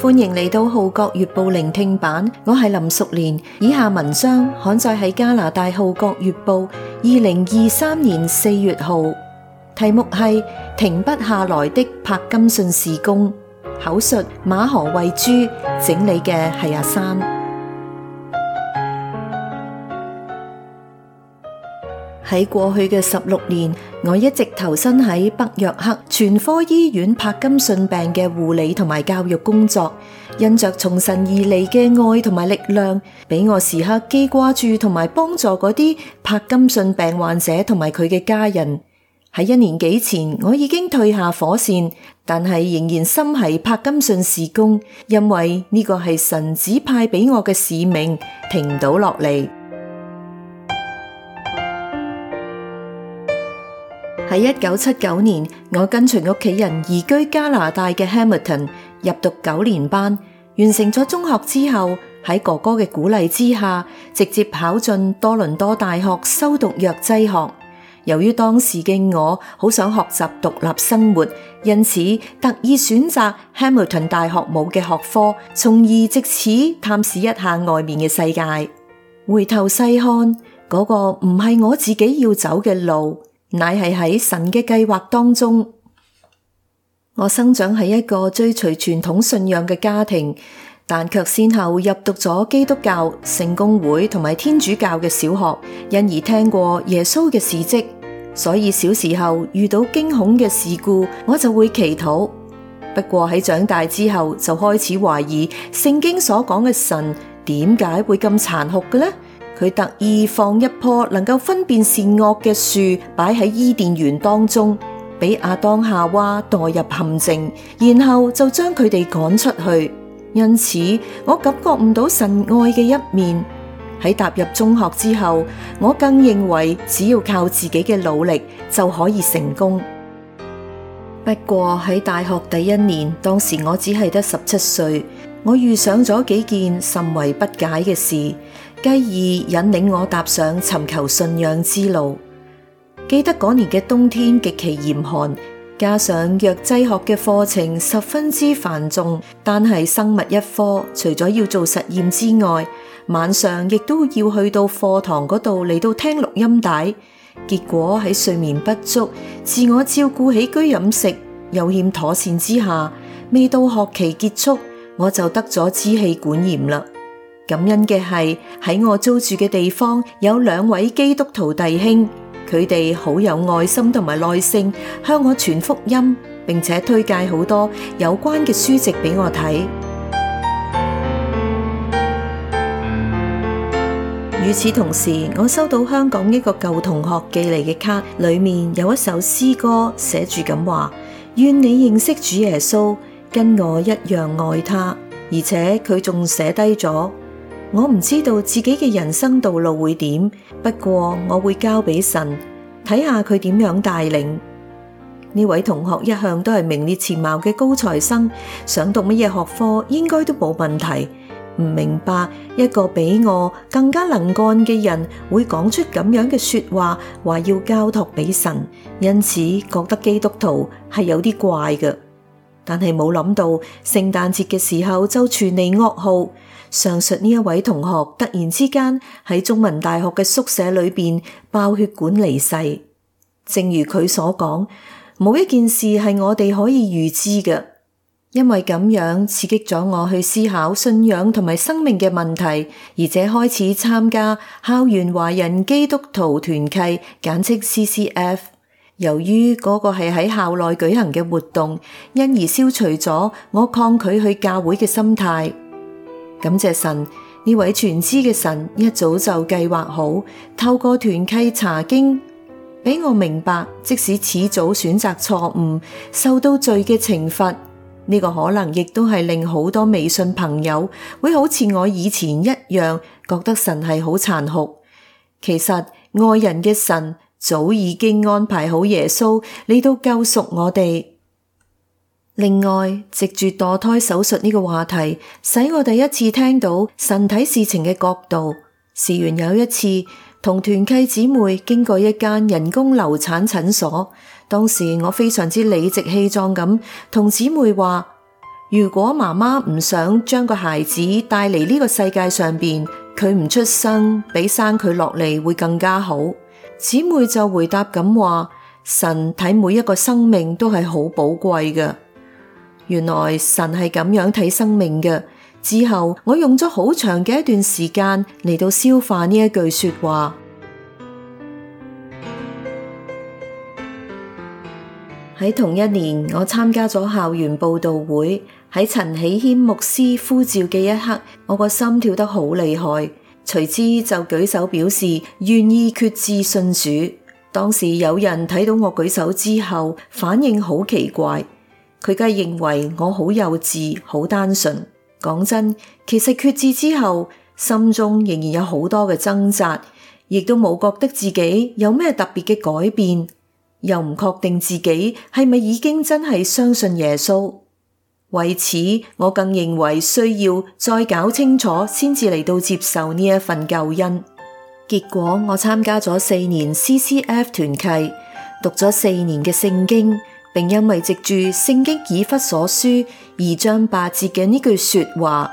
.歡迎嚟到《浩國月報》聆聽版，我係林淑蓮。以下文章刊載喺加拿大《浩國月報》二零二三年四月號，題目係《停不下來的柏金遜事工》，口述馬河喂豬，整理嘅係阿三。喺過去嘅十六年，我一直投身喺北約克全科醫院柏金遜病嘅護理同埋教育工作。因着從神而嚟嘅愛同埋力量，俾我時刻記掛住同埋幫助嗰啲柏金遜病患者同埋佢嘅家人。喺一年幾前，我已經退下火綫，但係仍然心繫柏金遜事工，因為呢個係神指派俾我嘅使命，停唔到落嚟。喺一九七九年，我跟隨屋企人移居加拿大嘅 Hamilton，入讀九年班，完成咗中學之後，喺哥哥嘅鼓勵之下，直接考進多倫多大學修讀藥劑學。由於當時嘅我好想學習獨立生活，因此特意選擇 Hamilton 大學冇嘅學科，從而借此探視一下外面嘅世界。回頭細看，嗰、那個唔係我自己要走嘅路。乃係喺神嘅計劃當中，我生長喺一個追隨傳統信仰嘅家庭，但卻先後入讀咗基督教、聖公會同埋天主教嘅小學，因而聽過耶穌嘅事跡。所以小時候遇到驚恐嘅事故，我就會祈禱。不過喺長大之後，就開始懷疑聖經所講嘅神點解會咁殘酷嘅呢？佢特意放一棵能夠分辨善惡嘅樹擺喺伊甸園當中，俾亞當夏娃墮入陷阱，然後就將佢哋趕出去。因此，我感覺唔到神愛嘅一面。喺踏入中學之後，我更認為只要靠自己嘅努力就可以成功。不過喺大學第一年，當時我只係得十七歲，我遇上咗幾件甚為不解嘅事。繼而引領我踏上尋求信仰之路。記得嗰年嘅冬天極其嚴寒，加上藥劑學嘅課程十分之繁重，但係生物一科除咗要做實驗之外，晚上亦都要去到課堂嗰度嚟到聽錄音帶。結果喺睡眠不足、自我照顧起居飲食有欠妥善之下，未到學期結束我就得咗支氣管炎啦。感恩嘅係喺我租住嘅地方有兩位基督徒弟兄，佢哋好有愛心同埋耐性，向我傳福音，並且推介好多有關嘅書籍俾我睇。與此同時，我收到香港一個舊同學寄嚟嘅卡，裏面有一首詩歌，寫住咁話：願你認識主耶穌，跟我一樣愛他。而且佢仲寫低咗。我唔知道自己嘅人生道路會點，不過我會交俾神睇下佢點樣帶領。呢位同學一向都係名列前茅嘅高材生，想讀乜嘢學科應該都冇問題。唔明白一個比我更加能幹嘅人會講出咁樣嘅說話，話要交託俾神，因此覺得基督徒係有啲怪嘅。但係冇諗到聖誕節嘅時候就傳嚟噩耗。上述呢一位同學突然之間喺中文大學嘅宿舍裏邊爆血管離世，正如佢所講，冇一件事係我哋可以預知嘅，因爲咁樣刺激咗我去思考信仰同埋生命嘅問題，而且開始參加校園華人基督徒團契，簡稱 CCF。由於嗰個係喺校內舉行嘅活動，因而消除咗我抗拒去教會嘅心態。感謝神，呢位全知嘅神，一早就計劃好，透過團契查經俾我明白，即使始早選擇錯誤，受到罪嘅懲罰，呢、這個可能亦都係令好多未信朋友會好似我以前一樣，覺得神係好殘酷。其實愛人嘅神早已經安排好耶穌嚟到救贖我哋。另外，藉住墮胎手術呢個話題，使我第一次聽到神睇事情嘅角度。事緣有一次同團契姊妹經過一間人工流產診所，當時我非常之理直氣壯咁同姊妹話：如果媽媽唔想將個孩子帶嚟呢個世界上邊，佢唔出生比生佢落嚟會更加好。姊妹就回答咁話：神睇每一個生命都係好寶貴嘅。原來神係咁樣睇生命嘅。之後我用咗好長嘅一段時間嚟到消化呢一句說話。喺 同一年，我參加咗校園報道會。喺陳喜謙牧師呼召嘅一刻，我個心跳得好厲害，隨之就舉手表示願意決志信主。當時有人睇到我舉手之後，反應好奇怪。佢梗係認為我好幼稚、好單純。講真，其實決志之後，心中仍然有好多嘅掙扎，亦都冇覺得自己有咩特別嘅改變，又唔確定自己係咪已經真係相信耶穌。為此，我更認為需要再搞清楚，先至嚟到接受呢一份救恩。結果，我參加咗四年 CCF 團契，讀咗四年嘅聖經。並因為藉住聖經以弗所書二章八節嘅呢句說話：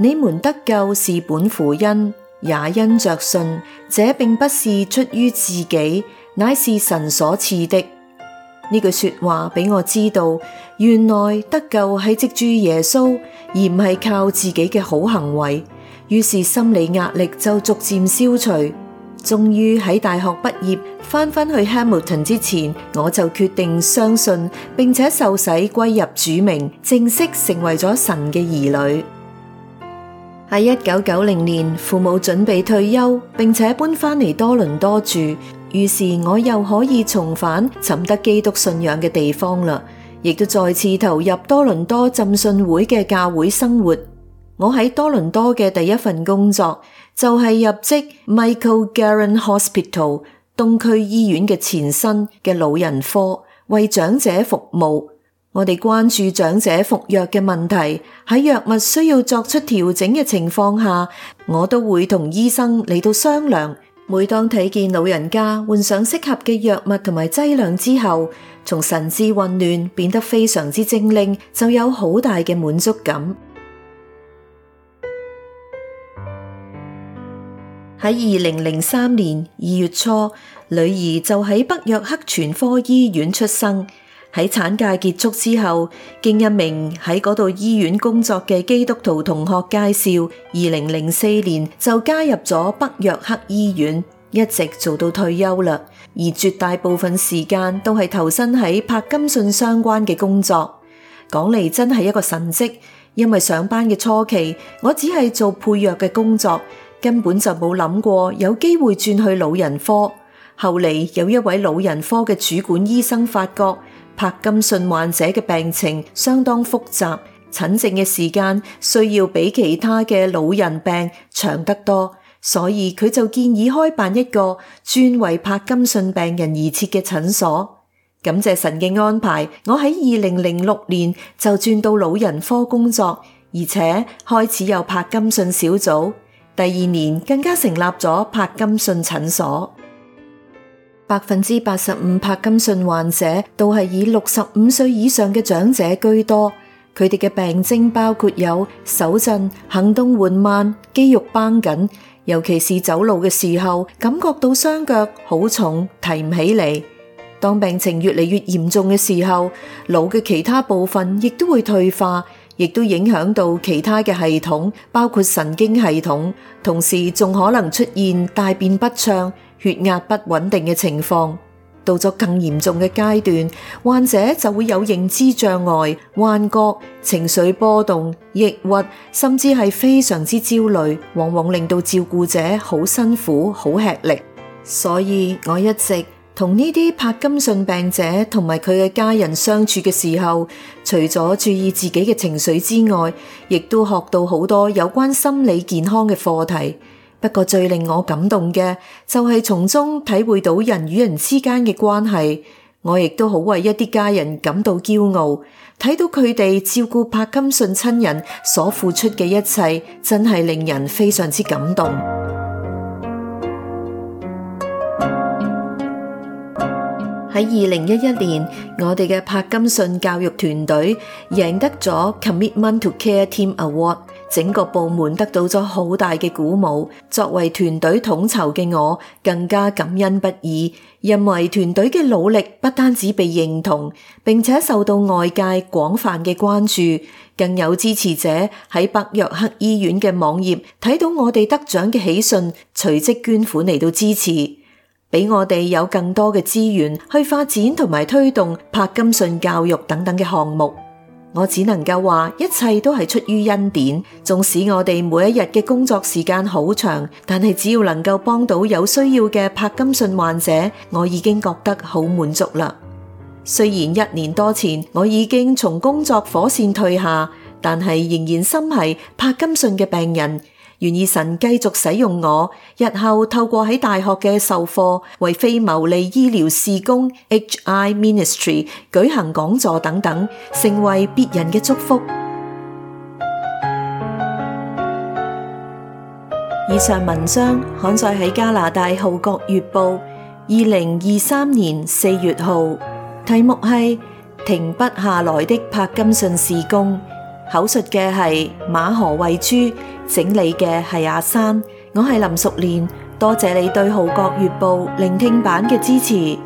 你們得救是本乎恩，也因着信。這並不是出於自己，乃是神所賜的。呢句說話俾我知道，原來得救係藉住耶穌，而唔係靠自己嘅好行為。於是心理壓力就逐漸消除。終於喺大學畢業，翻返去 Hamilton 之前，我就決定相信，並且受洗歸入主名，正式成為咗神嘅兒女。喺一九九零年，父母準備退休，並且搬翻嚟多倫多住，於是我又可以重返尋得基督信仰嘅地方啦，亦都再次投入多倫多浸信會嘅教會生活。我喺多倫多嘅第一份工作就係入職 Michael Garren Hospital 東區醫院嘅前身嘅老人科，為長者服務。我哋關注長者服藥嘅問題，喺藥物需要作出調整嘅情況下，我都會同醫生嚟到商量。每當睇見老人家換上適合嘅藥物同埋劑量之後，從神志混亂變得非常之精靈，就有好大嘅滿足感。喺二零零三年二月初，女兒就喺北約克全科醫院出生。喺產假結束之後經一名喺嗰度醫院工作嘅基督徒同學介紹，二零零四年就加入咗北約克醫院，一直做到退休啦。而絕大部分時間都係投身喺柏金遜相關嘅工作。講嚟真係一個神蹟，因為上班嘅初期，我只係做配藥嘅工作。根本就冇諗過有機會轉去老人科。後嚟有一位老人科嘅主管醫生發覺柏金遜患者嘅病情相當複雜，診症嘅時間需要比其他嘅老人病長得多，所以佢就建議開辦一個專為柏金遜病人而設嘅診所。感謝神嘅安排，我喺二零零六年就轉到老人科工作，而且開始有柏金遜小組。第二年更加成立咗柏金遜診所，百分之八十五柏金遜患者都係以六十五歲以上嘅長者居多，佢哋嘅病徵包括有手震、行動緩慢、肌肉繃緊，尤其是走路嘅時候感覺到雙腳好重，提唔起嚟。當病情越嚟越嚴重嘅時候，腦嘅其他部分亦都會退化。亦都影響到其他嘅系統，包括神經系統，同時仲可能出現大便不暢、血壓不穩定嘅情況。到咗更嚴重嘅階段，患者就會有認知障礙、幻覺、情緒波動、抑鬱，甚至係非常之焦慮，往往令到照顧者好辛苦、好吃力。所以我一直。同呢啲柏金遜病者同埋佢嘅家人相處嘅時候，除咗注意自己嘅情緒之外，亦都學到好多有關心理健康嘅課題。不過最令我感動嘅就係從中體會到人與人之間嘅關係。我亦都好為一啲家人感到驕傲，睇到佢哋照顧柏金遜親人所付出嘅一切，真係令人非常之感動。喺二零一一年，我哋嘅柏金遜教育團隊贏得咗 Commitment to Care Team Award，整個部門得到咗好大嘅鼓舞。作為團隊統籌嘅我，更加感恩不已，因為團隊嘅努力不單止被認同，並且受到外界廣泛嘅關注。更有支持者喺北約克醫院嘅網頁睇到我哋得獎嘅喜訊，隨即捐款嚟到支持。俾我哋有更多嘅資源去發展同埋推動柏金遜教育等等嘅項目，我只能夠話一切都係出於恩典。縱使我哋每一日嘅工作時間好長，但係只要能夠幫到有需要嘅柏金遜患者，我已經覺得好滿足啦。雖然一年多前我已經從工作火線退下，但係仍然心繫柏金遜嘅病人。願意神繼續使用我，日後透過喺大學嘅授課、為非牟利醫療事工 （HI Ministry） 舉行講座等等，成為別人嘅祝福。以上文章刊載喺加拿大《號角月報》二零二三年四月號，題目係《停不下來的柏金遜事工》，口述嘅係馬河慧珠。整理嘅係阿山，我係林淑蓮，多謝你對《號角月報》聆聽版嘅支持。